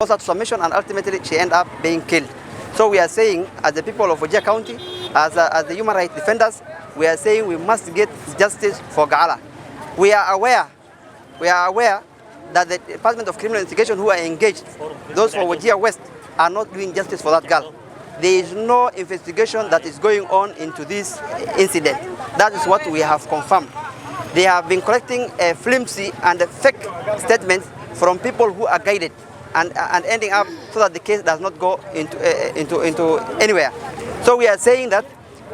was at submission and ultimately she ended up being killed. So we are saying as the people of Ojia County, as, a, uh, as the human rights defenders, we are saying we must get justice for Gala. We are aware, we are aware that the Department of Criminal Investigation who are engaged, those from Ojia West, are not doing justice for that girl. There is no investigation that is going on into this incident. That is what we have confirmed. They have been collecting a uh, flimsy and fake statements from people who are guided. and, and ending up so that the case does not go into, uh, into, into anywhere. So we are saying that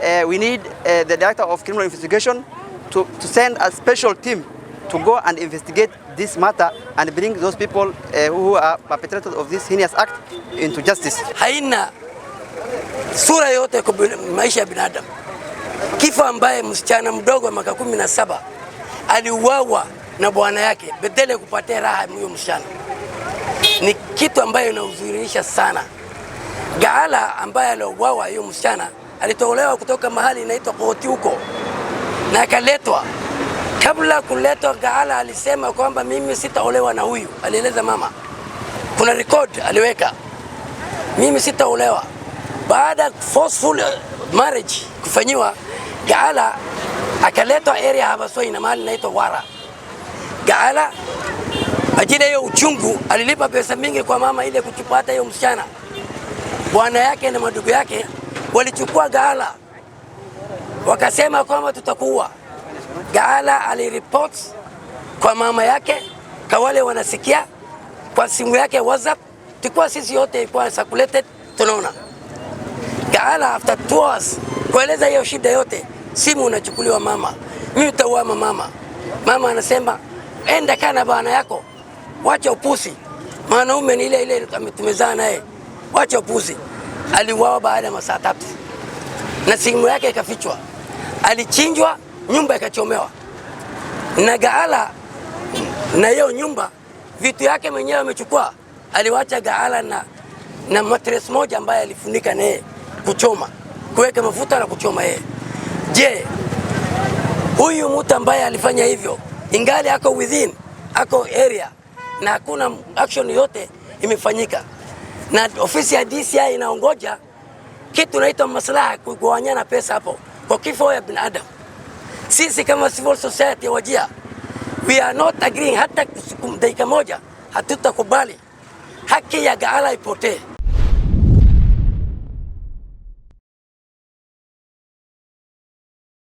uh, we need uh, the Director of Criminal Investigation to, to send a special team to go and investigate this matter and bring those people uh, who are perpetrators of this heinous act into justice. Haina sura yote kwa maisha ya binadamu. Kifo ambaye msichana mdogo wa miaka kumi na saba aliuawa na bwana yake bedele kupatia raha huyo msichana ni kitu ambayo inahuzunisha sana. Gaala ambaye aliuawa hiyo msichana alitolewa kutoka mahali inaitwa Koti huko na akaletwa. Kabla kuletwa, Gaala alisema kwamba mimi sitaolewa na huyu, alieleza mama. Kuna record aliweka, mimi sitaolewa. Baada ya forceful marriage kufanyiwa, Gaala akaletwa area Soi na mahali inaitwa Wara. Gaala Majina hiyo uchungu, alilipa pesa mingi kwa mama ile kuchukua hata hiyo msichana. Bwana yake na madugu yake walichukua gala, wakasema kwamba tutakuwa gala. aliripot kwa mama yake, kwa wale wanasikia kwa simu yake WhatsApp, tukua sisi yote kwa circulated, tunaona gala after two hours kueleza hiyo shida yote, simu unachukuliwa mama, mimi utauama mama. Mama anasema enda kana bwana yako wacha upusi. Mwanaume ni ile ile tumezaa naye, wacha upusi. Aliuawa baada ya masaa tatu na simu yake ikafichwa, alichinjwa, nyumba ikachomewa na Gaala na hiyo nyumba vitu yake mwenyewe amechukua. Aliwacha Gaala na, na matres moja ambaye alifunika naye kuchoma, kuweka mafuta na kuchoma yeye. Je, huyu mtu ambaye alifanya hivyo ingali ako within ako area na hakuna action yote imefanyika, na ofisi ya DCI inaongoja kitu naitwa maslaha kugawanyana pesa hapo kwa kifo ya binadamu. Sisi kama civil society wajia, we are not agreeing hata dakika moja, hatutakubali haki ya Gaala ipotee.